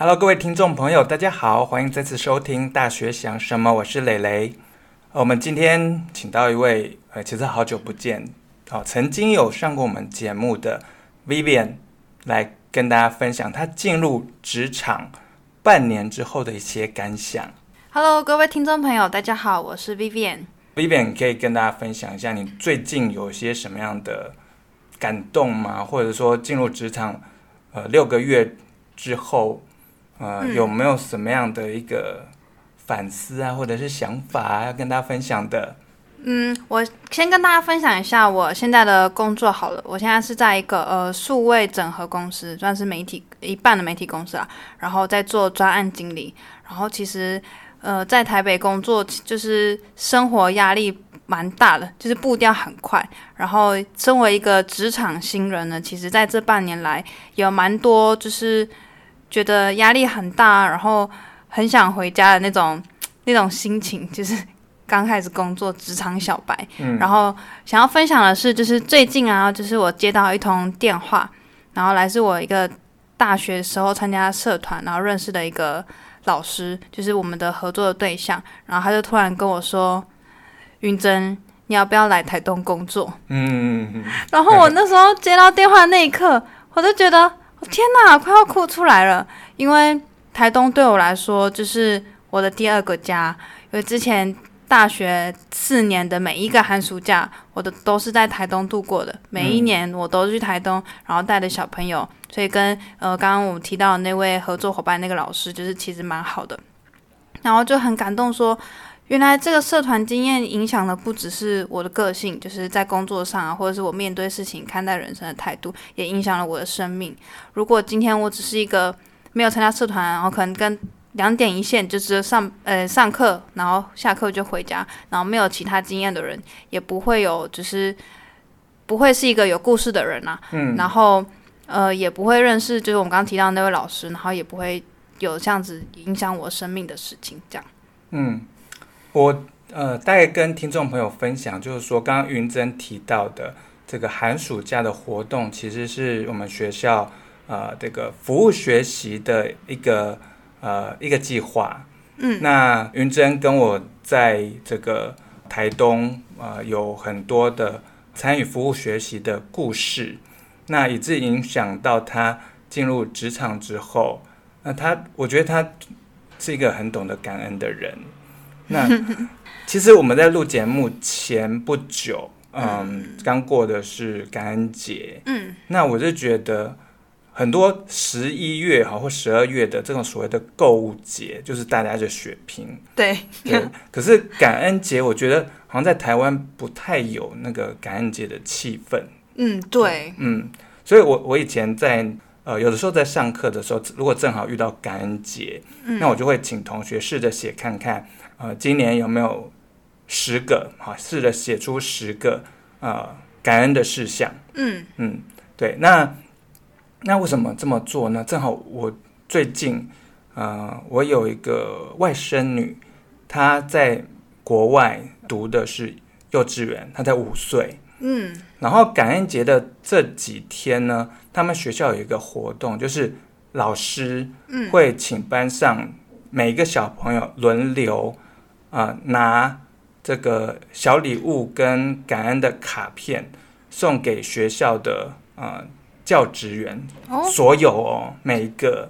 Hello，各位聽眾朋友，大家好，歡迎再次收聽《大學想什麼》，我是蕾蕾。我們今天請到一位，呃，其實好久不見，哦，曾經有上過我們節目的 Vivian 來跟大家分享他進入職場半年之後的一些感想。Hello，各位聽眾朋友，大家好，我是 Vivian。Vivian 可以跟大家分享一下你最近有些什麼樣的感動嗎？或者說進入職場呃六個月之後？呃，有沒有什麼樣的一個反思啊，或者是想法啊，要跟大家分享的？嗯，我先跟大家分享一下我現在的工作好了。我現在是在一個呃數位整合公司，算是媒體一半的媒體公司啊，然後在做專案經理。然後其實呃，在台北工作就是生活壓力蠻大的，就是步調很快。然後身為一個職場新人呢，其實在這半年來有蠻多就是。覺得壓力很大，然後很想回家的那種那種心情，就是剛開始工作，職場小白。嗯。然後想要分享的是，就是最近啊，就是我接到一通電話，然後來自我一個大學時候參加社團，然後認識的一個老師，就是我們的合作的對象。然後他就突然跟我說：“雲珍，你要不要來台東工作？”嗯。嗯嗯嗯，然後我那時候接到電話的那一刻，我就覺得。我天哪，快要哭出來了！因為台東對我來說就是我的第二個家，因為之前大學四年的每一個寒暑假，我都都是在台東度過的。每一年我都去台東，然後帶着小朋友，所以跟呃剛剛我們提到的那位合作夥伴那個老師，就是其實蠻好的，然後就很感動說。原來這個社團經驗影響的不只是我的個性，就是在工作上啊，或者是我面對事情、看待人生的態度，也影響了我的生命。如果今天我只是一個沒有參加社團，然後可能跟兩點一線就，就只有上呃上課，然後下課就回家，然後沒有其他經驗的人，也不會有，就是不會是一個有故事的人啦、啊。嗯。然後呃，也不會認識就是我們剛剛提到的那位老師，然後也不會有這樣子影響我生命的事情，這樣。嗯。我呃，大概跟聽眾朋友分享，就是說，剛剛雲珍提到的這個寒暑假的活動，其實是我們學校啊、呃、這個服務學習的一個呃一個計劃。嗯，那雲珍跟我在這個台東啊、呃、有很多的參與服務學習的故事，那以至影響到他進入職場之後，那他我覺得他是一個很懂得感恩的人。 那其實我們在錄節目前不久，嗯，剛、呃、過的是感恩節，嗯，那我就覺得很多十一月哈或十二月的這種所謂的購物節，就是大家就血拼，對，對。 可是感恩節，我覺得好像在台灣不太有那個感恩節的氣氛，嗯，對，嗯，所以我，我我以前在。呃，有的時候在上課的時候，如果正好遇到感恩節，嗯、那我就會請同學試着寫看看，呃，今年有沒有十個，好試着寫出十個呃感恩的事項。嗯嗯，對，那那為什麼這麼做呢？正好我最近呃，我有一個外甥女，她在國外讀的是幼稚園，她才五歲。嗯，然後感恩節的這幾天呢，他們學校有一個活動，就是老師會請班上每一個小朋友輪流啊、嗯呃、拿這個小禮物跟感恩的卡片送給學校的啊、呃、教職員，哦，所有哦每一個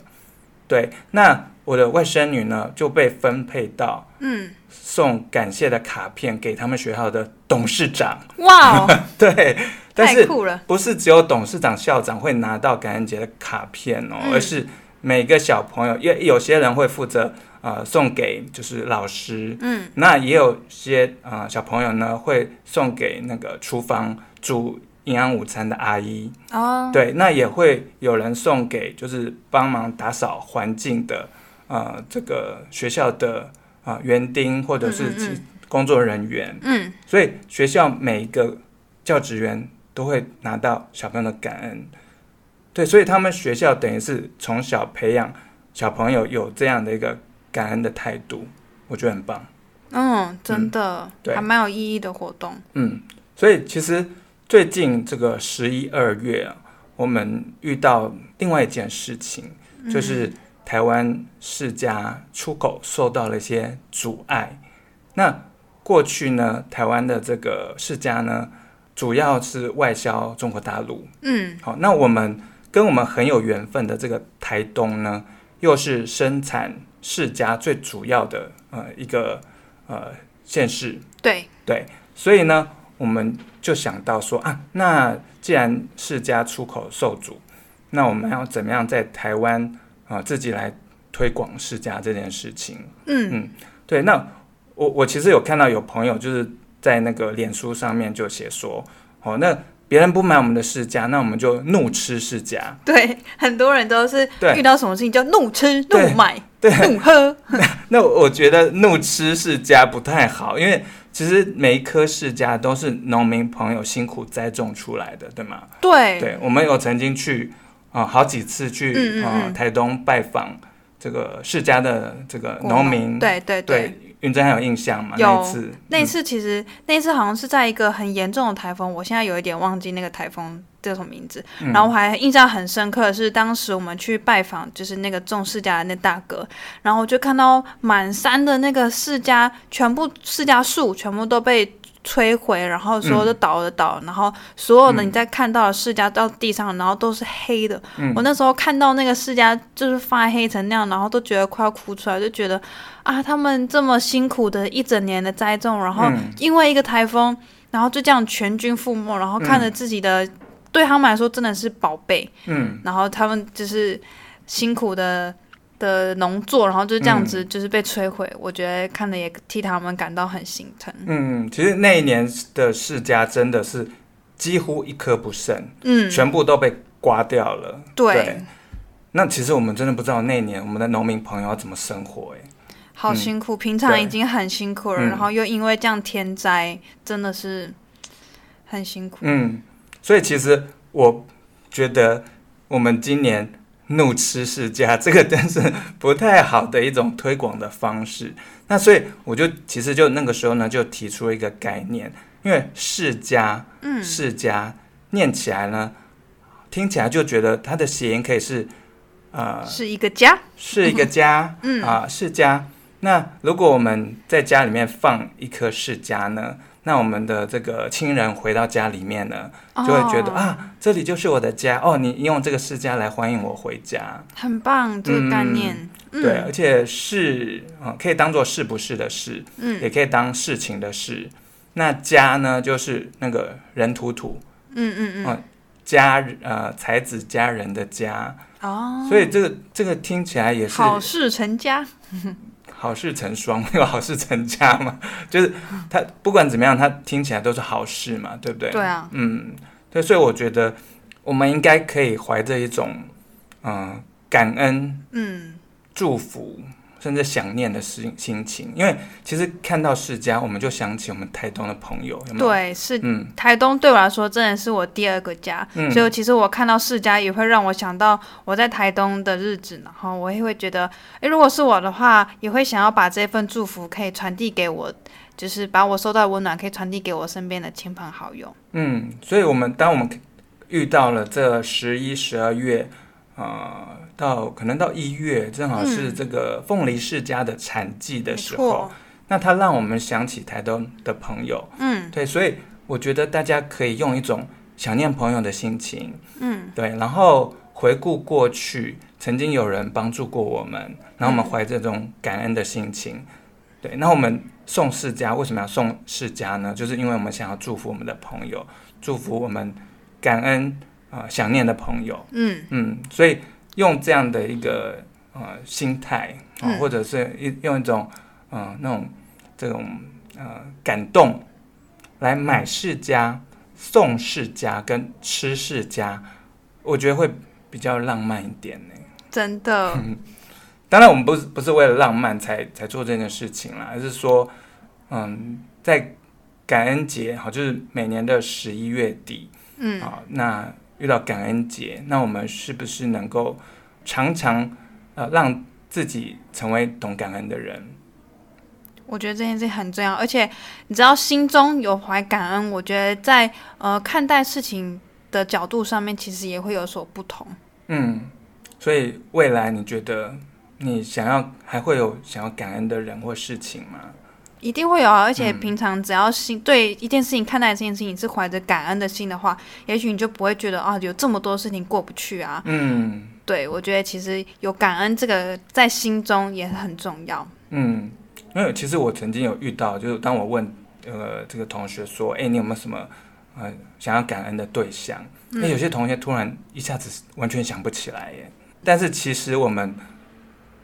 對那。我的外甥女呢就被分配到嗯送感謝的卡片給他們學校的董事長哇 Wow, 對，太酷了。但是不是只有董事長、校長會拿到感恩節的卡片哦，嗯、而是每個小朋友，也有些人會負責啊、呃，送給就是老師嗯，那也有些啊、呃、小朋友呢會送給那個廚房煮營養午餐的阿姨哦，oh. 對，那也會有人送給就是幫忙打掃環境的。啊、呃，這個學校的啊園、呃、丁或者是其工作人員，嗯，嗯所以學校每一個教職員都會拿到小朋友的感恩，對，所以他們學校等於是從小培養小朋友有這樣的一個感恩的態度，我覺得很棒。嗯、哦，真的，嗯、對，還蠻有意義的活動。嗯，所以其實最近這個十一二月、啊、我們遇到另外一件事情就是、嗯。台灣釋迦出口受到了一些阻礙。那過去呢，台灣的這個釋迦呢，主要是外銷中國大陸。嗯，好，那我們跟我們很有緣分的這個台東呢，又是生產釋迦最主要的呃一個呃縣市。對對，所以呢，我們就想到說啊，那既然釋迦出口受阻，那我們要怎麼樣在台灣？啊，自己來推廣釋迦這件事情。嗯嗯，對。那我我其實有看到有朋友就是在那個臉書上面就寫說，哦，那別人不買我們的釋迦，那我們就怒吃釋迦’。對，很多人都是遇到什麼事情對叫怒吃、怒買、對、對怒喝那。那我覺得怒吃釋迦不太好，因為其實每一顆釋迦都是農民朋友辛苦栽種出來的，對嗎？對，對我們有曾經去。哦、好幾次去嗯嗯嗯、呃、台東拜訪這個釋迦的這個農民，嗯、對對對，對雲珍還有印象嘛？有。那一次，嗯、那次其實那次好像是在一個很嚴重的颱風，我現在有一點忘記那個颱風叫什麼名字。然後我還印象很深刻的是，當時我們去拜訪就是那個種釋迦的那個大哥，然後就看到滿山的那個釋迦，全部釋迦樹全部都被。摧毀，然後所有都倒了倒，嗯、然後所有的你在看到的釋迦到地上，嗯、然後都是黑的。嗯、我那時候看到那個釋迦就是發黑成那樣，然後都覺得快要哭出來，就覺得啊，他們這麼辛苦的一整年的栽種，然後因為一個颱風，然後就這樣全軍覆沒，然後看着自己的、嗯、對他們來說真的是寶貝，嗯，然後他們就是辛苦的。的農作，然後就是這樣子，嗯、就是被摧毀。我覺得看得也替他們感到很心疼。嗯，其實那一年的釋迦真的是幾乎一顆不剩，嗯，全部都被刮掉了。對。對那其實我們真的不知道那一年我們的農民朋友要怎麼生活，欸，哎，好辛苦，嗯、平常已經很辛苦了，對然後又因為這樣天災，真的是很辛苦。嗯，所以其實我覺得我們今年。怒吃釋迦，這個真是不太好的一種推廣的方式。那所以我就其實就那個時候呢，就提出了一個概念，因為釋迦，嗯、釋迦念起來呢，聽起來就覺得它的諧音可以是，呃，是一個家，是一個家，嗯啊、呃，釋迦。嗯、那如果我們在家裡面放一顆釋迦呢？那我們的這個親人回到家裡面呢，就會覺得、oh. 啊，這裡就是我的家哦。你用這個“世家”來歡迎我回家，很棒這個概念。嗯嗯、對，而且“世”、呃、啊可以當做“是不是”的“是”，嗯、也可以當事情的“事”。那“家”呢，就是那個人土土，嗯嗯嗯，呃家呃才子佳人的家哦。Oh. 所以這個這個聽起來也是好事成家。 好事成雙，沒有好事成家嘛？就是他不管怎麼樣，他聽起來都是好事嘛，對不對？對啊，嗯，對，所以我覺得我們應該可以懷着一種嗯、呃、感恩，嗯祝福。甚至想念的時心情，因為其實看到釋迦，我們就想起我們台東的朋友。有有對，是嗯，台東對我來說真的是我第二個家，嗯、所以其實我看到釋迦也會讓我想到我在台東的日子，然後我也會覺得誒，如果是我的話，也會想要把這份祝福可以傳遞給我，就是把我收到的溫暖可以傳遞給我身邊的親朋好友。嗯，所以我們當我們遇到了這十一、十二月，啊、呃。到可能到一月，正好是這個鳳梨釋迦的產季的時候，嗯、那它讓我們想起台東的朋友，嗯，對，所以我覺得大家可以用一種想念朋友的心情，嗯，對，然後回顧過去曾經有人幫助過我們，然後我們懷着這種感恩的心情，嗯、對，那我們送釋迦為什麼要送釋迦呢？就是因為我們想要祝福我們的朋友，祝福我們感恩啊、呃、想念的朋友，嗯嗯，所以。用這樣的一個呃心態、哦、或者是一用一種嗯、呃、那種這種呃感動來買釋迦、嗯、送釋迦跟吃釋迦，我覺得會比較浪漫一點呢、欸。真的。 當然，我們不是不是為了浪漫才才做這件事情啦，而是說，嗯，在感恩節好，就是每年的十一月底，哦、嗯啊那。遇到感恩節，那我們是不是能夠常常呃讓自己成為懂感恩的人？我覺得這件事很重要，而且你知道心中有懷感恩，我覺得在呃看待事情的角度上面，其實也會有所不同。嗯，所以未來你覺得你想要還會有想要感恩的人或事情嗎？一定會有啊，而且平常只要心、嗯、對一件事情，看待這件事情你是懷着感恩的心的話，也許你就不會覺得啊，有這麼多事情過不去啊。嗯，對，我覺得其實有感恩這個在心中也很重要。嗯，因為其實我曾經有遇到，就是當我問呃這個同學說，哎，你有沒有什麼呃想要感恩的對象？那、嗯、有些同學突然一下子完全想不起來耶。但是其實我們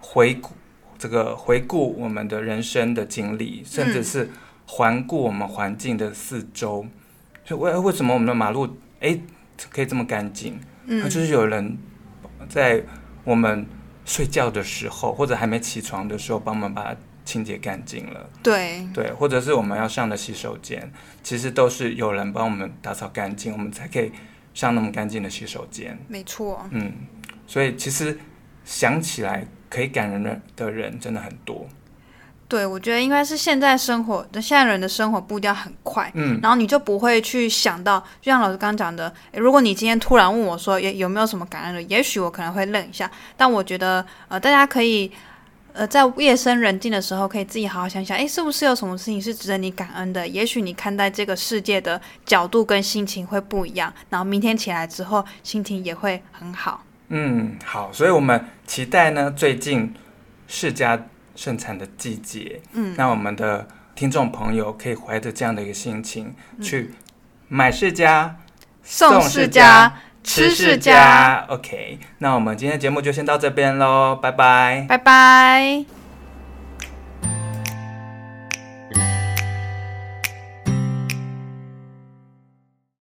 回顧。這個回顧我們的人生的經歷，甚至是環顧我們環境的四周，為、嗯、為什麼我們的馬路誒可以這麼乾淨？那、嗯、就是有人在我們睡覺的時候或者還沒起床的時候，幫我們把它清潔乾淨了。對對，或者是我們要上的洗手間，其實都是有人幫我們打掃乾淨，我們才可以上那麼乾淨的洗手間。沒錯。嗯，所以其實。想起來可以感恩的的人真的很多，對，我覺得應該是現在生活的現在人的生活步調很快，嗯，然後你就不會去想到，就像老師剛剛講的，如果你今天突然問我說，也有沒有什麼感恩的，也許我可能會愣一下。但我覺得，呃，大家可以，呃，在夜深人靜的時候，可以自己好好想想，哎，是不是有什麼事情是值得你感恩的？也許你看待這個世界的角度跟心情會不一樣，然後明天起來之後心情也會很好。嗯，好，所以我們期待呢，最近釋迦盛產的季節，嗯，那我們的聽眾朋友可以懷着這樣的一個心情、嗯、去買釋迦、送釋迦、釋迦吃釋迦。釋迦 OK，那我們今天節目就先到這邊嘍，拜拜，拜拜。